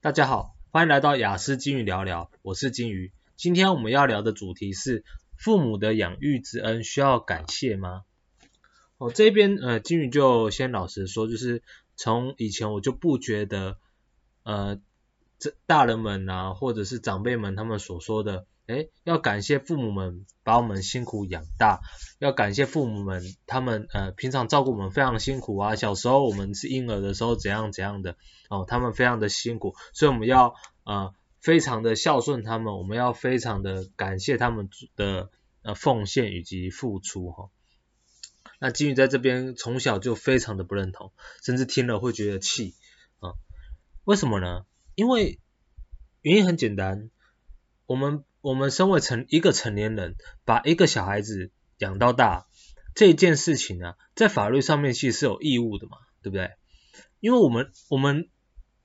大家好，歡迎來到雅思金魚聊聊，我是金魚。今天我們要聊的主題是父母的養育之恩需要感謝嗎？哦，這邊呃，金魚就先老實說，就是從以前我就不覺得，呃，這大人們啊，或者是長輩們他們所說的。哎，要感謝父母們把我們辛苦養大，要感謝父母們，他們呃平常照顧我們非常辛苦啊。小時候我們是嬰兒的時候怎樣怎樣的哦，他們非常的辛苦，所以我們要呃非常的孝順他們，我們要非常的感謝他們的呃奉獻以及付出哈、哦。那金魚在這邊從小就非常的不認同，甚至聽了會覺得氣啊、哦，為什麼呢？因為原因很簡單，我們。我們身為成一個成年人，把一個小孩子養到大這件事情呢，在法律上面其實是有義務的嘛，對不對？因為我們我們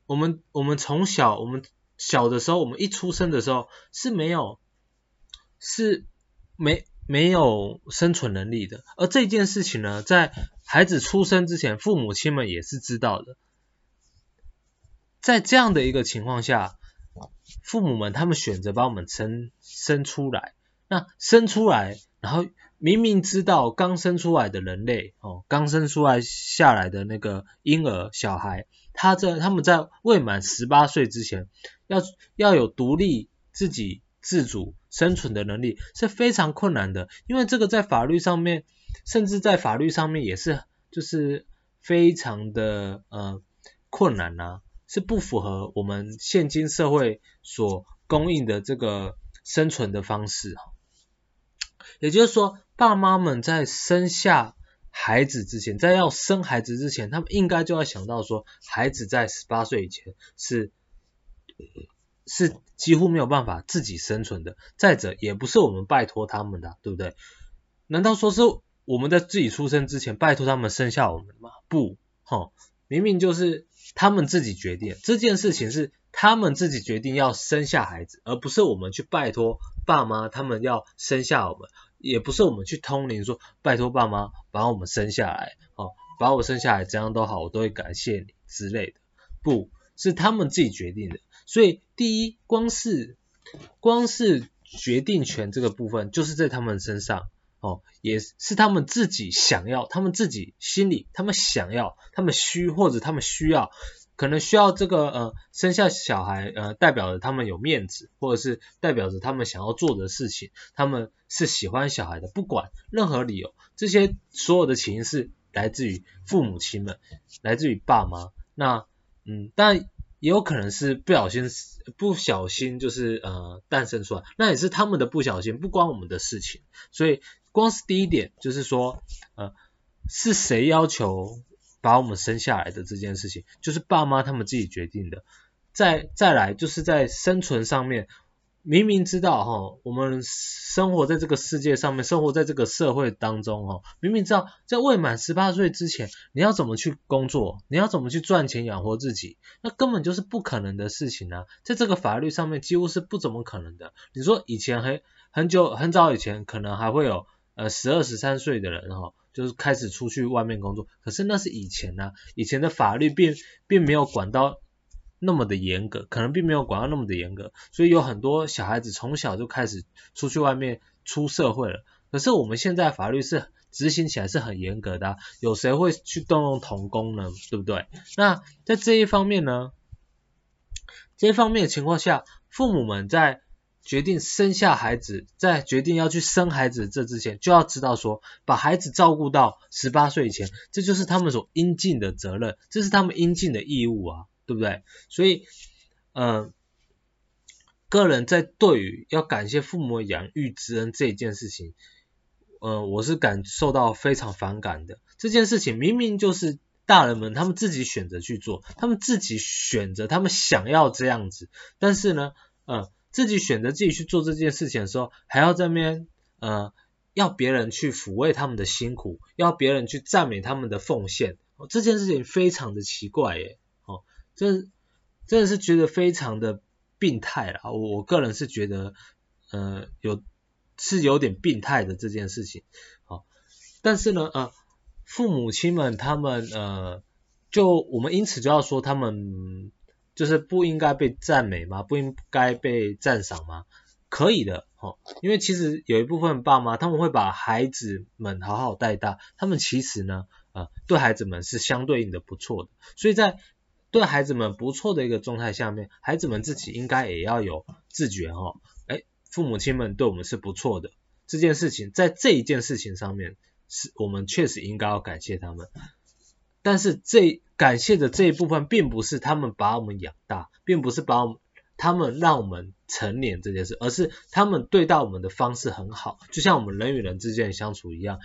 我們我們從小我們小的時候，我們一出生的時候是沒有是沒沒有生存能力的，而這件事情呢，在孩子出生之前，父母親們也是知道的，在這樣的一個情況下。父母們，他們選擇把我們生生出來，那生出來，然後明明知道剛生出來的人類哦，剛生出來下來的那個嬰兒小孩，他這他們在未滿十八歲之前，要要有獨立自己自主生存的能力是非常困難的，因為這個在法律上面，甚至在法律上面也是就是非常的呃困難呢、啊。是不符合我們現今社會所供應的這個生存的方式哈，也就是說，爸媽們在生下孩子之前，在要生孩子之前，他們應該就要想到說，孩子在十八歲以前是是幾乎沒有辦法自己生存的。再者，也不是我們拜托他們的啊，對不對？難道說是我們在自己出生之前拜托他們生下我們嗎？不，哈。明明就是他們自己決定這件事情，是他們自己決定要生下孩子，而不是我們去拜托爸媽他們要生下我們，也不是我們去通靈說拜托爸媽把我們生下來，哦，把我生下來怎樣都好，我都會感謝你之類的，不是他們自己決定的。所以第一，光是光是決定權這個部分，就是在他們身上。哦，也是他們自己想要，他們自己心裡，他們想要，他們需或者他們需要，可能需要這個呃生下小孩，呃，代表着他們有面子，或者是代表着他們想要做的事情，他們是喜歡小孩的，不管任何理由，這些所有的情緒是來自於父母親們，來自於爸媽。那嗯，但也有可能是不小心不小心就是呃誕生出來，那也是他們的不小心，不關我們的事情，所以。光是第一點，就是說，呃，是誰要求把我們生下來的這件事情，就是爸媽他們自己決定的。再再來，就是在生存上面，明明知道哈，我們生活在這個世界上面，生活在這個社會當中哈，明明知道在未滿十八歲之前，你要怎麼去工作，你要怎麼去賺錢養活自己，那根本就是不可能的事情啊，在這個法律上面幾乎是不怎麼可能的。你說以前很很久很早以前，可能還會有。呃，十二十三歲的人哈，就是開始出去外面工作。可是那是以前呢、啊，以前的法律並並沒有管到那麼的嚴格，可能並沒有管到那麼的嚴格，所以有很多小孩子從小就開始出去外面出社會了。可是我們現在法律是執行起來是很嚴格的、啊，有誰會去動用童工呢？對不對？那在這一方面呢，這一方面的情況下，父母們在。決定生下孩子，在決定要去生孩子這之前，就要知道說，把孩子照顧到十八歲以前，這就是他們所應盡的責任，這是他們應盡的義務啊，對不對？所以，嗯、呃，個人在對於要感謝父母養育之恩這一件事情，嗯、呃，我是感受到非常反感的。這件事情明明就是大人們他們自己選擇去做，他們自己選擇他們想要這樣子，但是呢，嗯、呃。自己選擇自己去做這件事情的時候，還要在那邊呃要別人去撫慰他們的辛苦，要別人去讚美他們的奉獻。哦，這件事情非常的奇怪耶，哦，這真的是覺得非常的病態了，我個人是覺得呃有是有點病態的這件事情，哦，但是呢呃，父母親們他們呃就我們因此就要說他們。就是不應該被讚美嗎？不應該被讚賞嗎？可以的，吼、哦，因為其實有一部分爸媽他們會把孩子們好好帶大，他們其實呢，啊、呃，對孩子們是相對應的不錯的，所以在對孩子們不錯的一個狀態下面，孩子們自己應該也要有自覺，吼、哦，誒、哎，父母親們對我們是不錯的，這件事情在這一件事情上面，是我們確實應該要感謝他們。但是這感謝的這一部分，並不是他們把我們養大，並不是把我們他們讓我們成年這件事，而是他們對待我們的方式很好，就像我們人與人之間的相處一樣。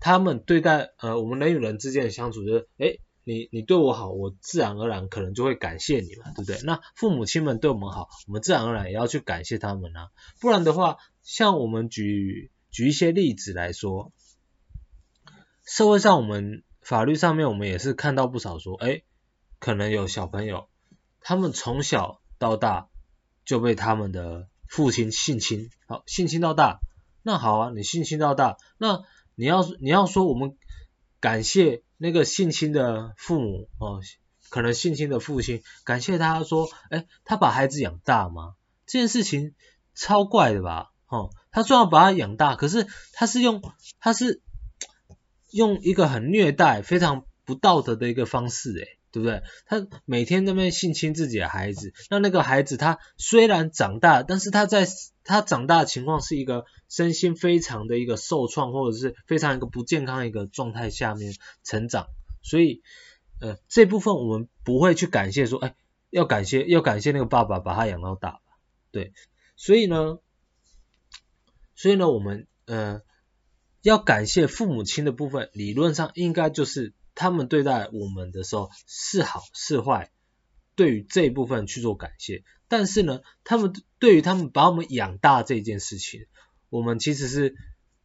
他們對待呃我們人與人之間的相處，就是哎你，你對我好，我自然而然可能就會感謝你嘛，對不對？那父母親們對我們好，我們自然而然也要去感謝他們啊，不然的話，像我們舉舉一些例子來說，社會上我們。法律上面，我們也是看到不少說，誒，可能有小朋友，他們從小到大就被他們的父親性侵，好，性侵到大，那好啊，你性侵到大，那你要你要說我們感謝那個性侵的父母哦，可能性侵的父親感謝他說，誒，他把孩子養大嗎？這件事情超怪的吧，哦，他說要把他養大，可是他是用他是。用一個很虐待，非常不道德的一個方式，哎，對不對？他每天在那邊性侵自己的孩子，那那個孩子他雖然長大，但是他在他長大的情況是一個身心非常的一個受創，或者是非常一個不健康一個狀態下面成長。所以，呃，這部分我們不會去感謝說，哎，要感謝，要感謝那個爸爸把他養到大，對。所以呢，所以呢，我們，呃。要感謝父母親的部分，理論上應該就是他們對待我們的時候是好是壞，對於這一部分去做感謝。但是呢，他們對於他們把我們養大這件事情，我們其實是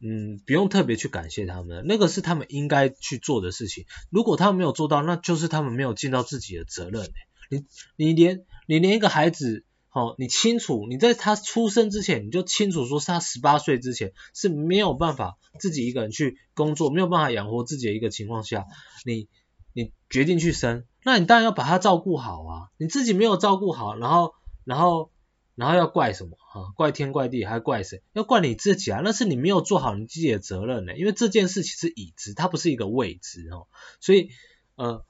嗯不用特別去感謝他們，那個是他們應該去做的事情。如果他們沒有做到，那就是他們沒有盡到自己的責任欸。你你連你連一個孩子。哦，你清楚，你在他出生之前，你就清楚說，是他十八歲之前是沒有辦法自己一個人去工作，沒有辦法養活自己的一個情況下，你你決定去生，那你當然要把他照顧好啊，你自己沒有照顧好，然後然後然後要怪什麼、啊、怪天怪地還怪誰？要怪你自己啊！那是你沒有做好你自己的責任呢、欸，因為這件事其實已知，它不是一個未知哦，所以呃，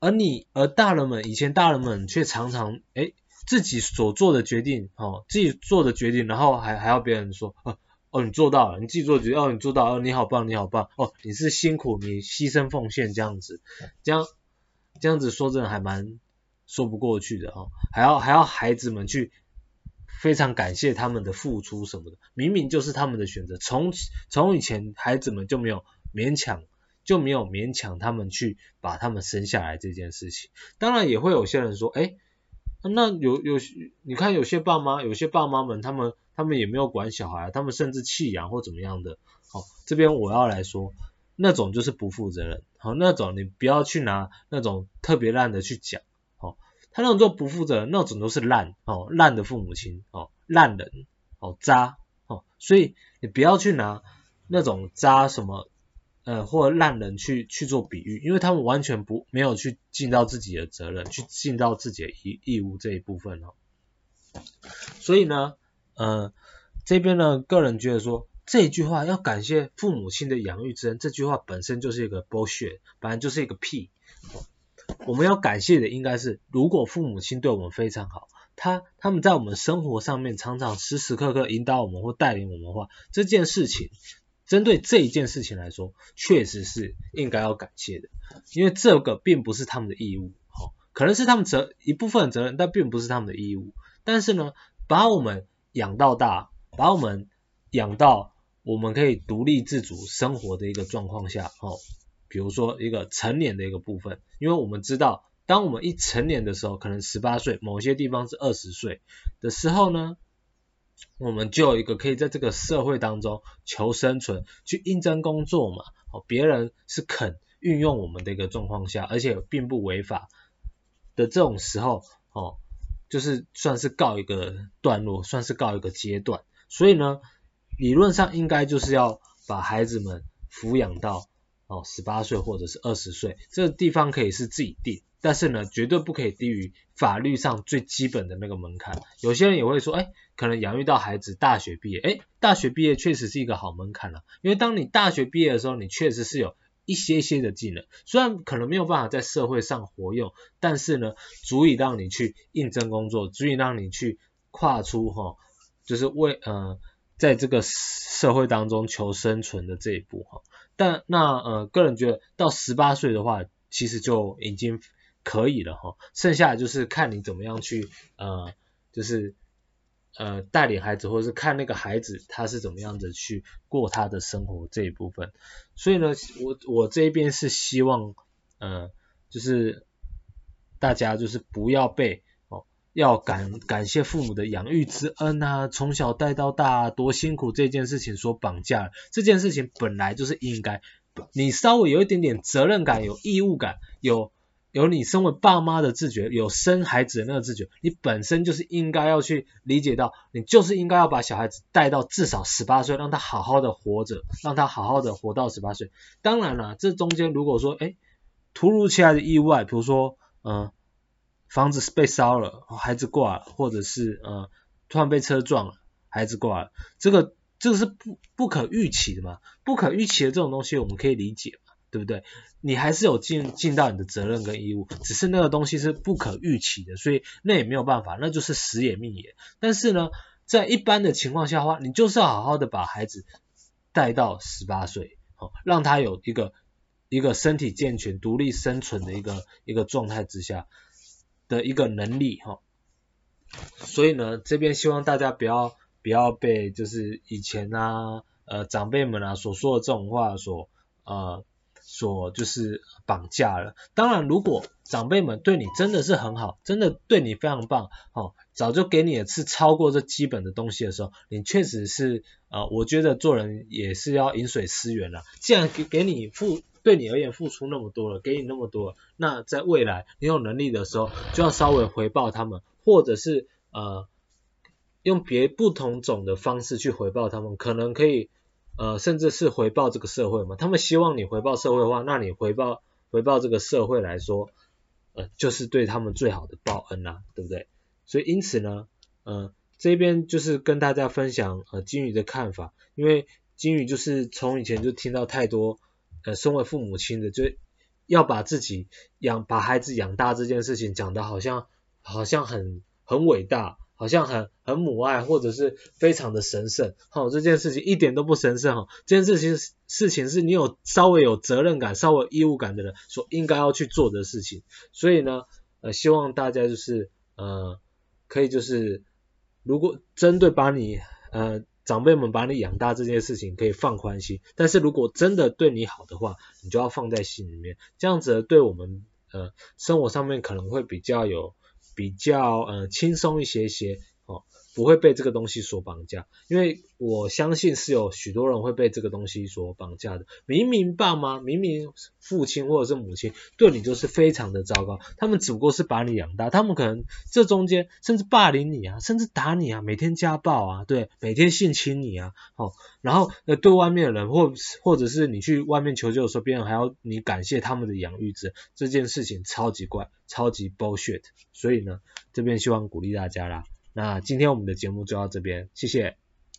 而你而大人們以前大人們卻常常誒。自己所做的決定，哦，自己做的決定，然後還還要別人說，哦，哦，你做到了，你自己做決定，哦，你做到了，哦，你好棒，你好棒，哦，你是辛苦，你犧牲奉獻這樣子，這樣這樣子說真的還蠻說不過去的哦，還要還要孩子們去非常感謝他們的付出什麼的，明明就是他們的選擇，從從以前孩子們就沒有勉強就沒有勉強他們去把他們生下來這件事情，當然也會有些人說，誒、欸。啊、那有有你看有些爸媽有些爸媽們他們他們也沒有管小孩，他們甚至棄養或怎麼樣的，好、哦、這邊我要來說，那種就是不負責任，好、哦、那種你不要去拿那種特別爛的去講，好、哦、他那種都不負責任，那種都是爛哦爛的父母親哦爛人哦渣哦，所以你不要去拿那種渣什麼。呃，或讓人去去做比喻，因為他們完全不沒有去盡到自己的責任，去盡到自己的義義務這一部分了哦。所以呢，呃，這邊呢，個人覺得說，這一句話要感謝父母親的養育之恩，這句話本身就是一個 bullshit，本來就是一個屁。我們要感謝的應該是，如果父母親對我們非常好，他他們在我們生活上面常常時時刻刻引導我們或帶領我們的話，這件事情。針對這一件事情來說，確實是應該要感謝的，因為這個並不是他們的義務，好、哦，可能是他們責一部分的責任，但並不是他們的義務。但是呢，把我們養到大，把我們養到我們可以獨立自主生活的一個狀況下，好、哦，比如說一個成年的一個部分，因為我們知道，當我們一成年的時候，可能十八歲，某些地方是二十歲的時候呢。我們就有一個可以在這個社會當中求生存，去應徵工作嘛，哦，別人是肯運用我們的一個狀況下，而且並不違法的這種時候，哦，就是算是告一個段落，算是告一個階段。所以呢，理論上應該就是要把孩子們撫養到哦十八歲或者是二十歲，這個地方可以是自己定。但是呢，絕對不可以低於法律上最基本的那個門檻。有些人也會說，哎，可能養育到孩子大學畢業，哎，大學畢業確實是一個好門檻了、啊。因為當你大學畢業的時候，你確實是有一些些的技能，雖然可能沒有辦法在社會上活用，但是呢，足以讓你去應徵工作，足以讓你去跨出哈、哦，就是為呃，在這個社會當中求生存的這一步哈、哦。但那呃，個人覺得到十八歲的話，其實就已經。可以了哈、哦，剩下的就是看你怎麼樣去，呃，就是呃帶領孩子，或者是看那個孩子他是怎麼樣子去過他的生活這一部分。所以呢，我我這邊是希望，呃，就是大家就是不要被哦，要感感謝父母的養育之恩啊，從小帶到大，啊，多辛苦這件事情所綁架。這件事情本來就是應該，你稍微有一點點責任感、有義務感、有。有你身為爸媽的自覺，有生孩子的那個自覺，你本身就是應該要去理解到，你就是應該要把小孩子帶到至少十八歲，讓他好好的活着，讓他好好的活到十八歲。當然啦，這中間如果說，哎，突如其來的意外，比如說，嗯，房子被燒了，孩子掛了，或者是，嗯，突然被車撞了，孩子掛了，這個這個是不不可預期的嘛？不可預期的這種東西，我們可以理解。對不對？你還是有盡盡到你的責任跟義務，只是那個東西是不可預期的，所以那也沒有辦法，那就是時也命也。但是呢，在一般的情況下的話，你就是要好好的把孩子帶到十八歲，哈、哦，讓他有一個一個身體健全，獨立生存的一個一個狀態之下的一個能力，哈、哦。所以呢，這邊希望大家不要不要被就是以前啊，呃，長輩們啊所說的這種話所，呃。所就是綁架了。當然，如果長輩們對你真的是很好，真的對你非常棒，哦，早就給你也是超過這基本的東西的時候，你確實是，呃，我覺得做人也是要飲水思源了、啊。既然給給你付，對你而言付出那麼多了，給你那麼多了，那在未來你有能力的時候，就要稍微回報他們，或者是，呃，用別不同種的方式去回報他們，可能可以。呃，甚至是回報這個社會嘛？他們希望你回報社會的話，那你回報回報這個社會來說，呃，就是對他們最好的報恩啦、啊，對不對？所以因此呢，呃，這邊就是跟大家分享，呃，金魚的看法，因為金魚就是從以前就聽到太多，呃，身為父母親的，就要把自己養，把孩子養大這件事情講得好像好像很很偉大。好像很很母愛，或者是非常的神聖，好，哦，這件事情一點都不神聖哈，這件事情事情是你有稍微有責任感，稍微有義務感的人所應該要去做的事情。所以呢，呃，希望大家就是呃，可以就是如果針對把你呃長輩們把你養大這件事情，可以放寬心。但是如果真的對你好的話，你就要放在心裡面，這樣子對我們呃生活上面可能會比較有。比較呃輕鬆一些些，哦。不會被這個東西所綁架，因為我相信是有許多人會被這個東西所綁架的。明明爸媽、明明父親或者是母親對你就是非常的糟糕，他們只不過是把你養大，他們可能這中間甚至霸凌你啊，甚至打你啊，每天家暴啊，對，每天性侵你啊，好、哦，然後那對外面的人或或者是你去外面求救的時候，別人還要你感謝他們的養育之恩，這件事情超級怪，超級 bullshit。所以呢，這邊希望鼓勵大家啦。那今天我們的節目就到這邊，謝謝。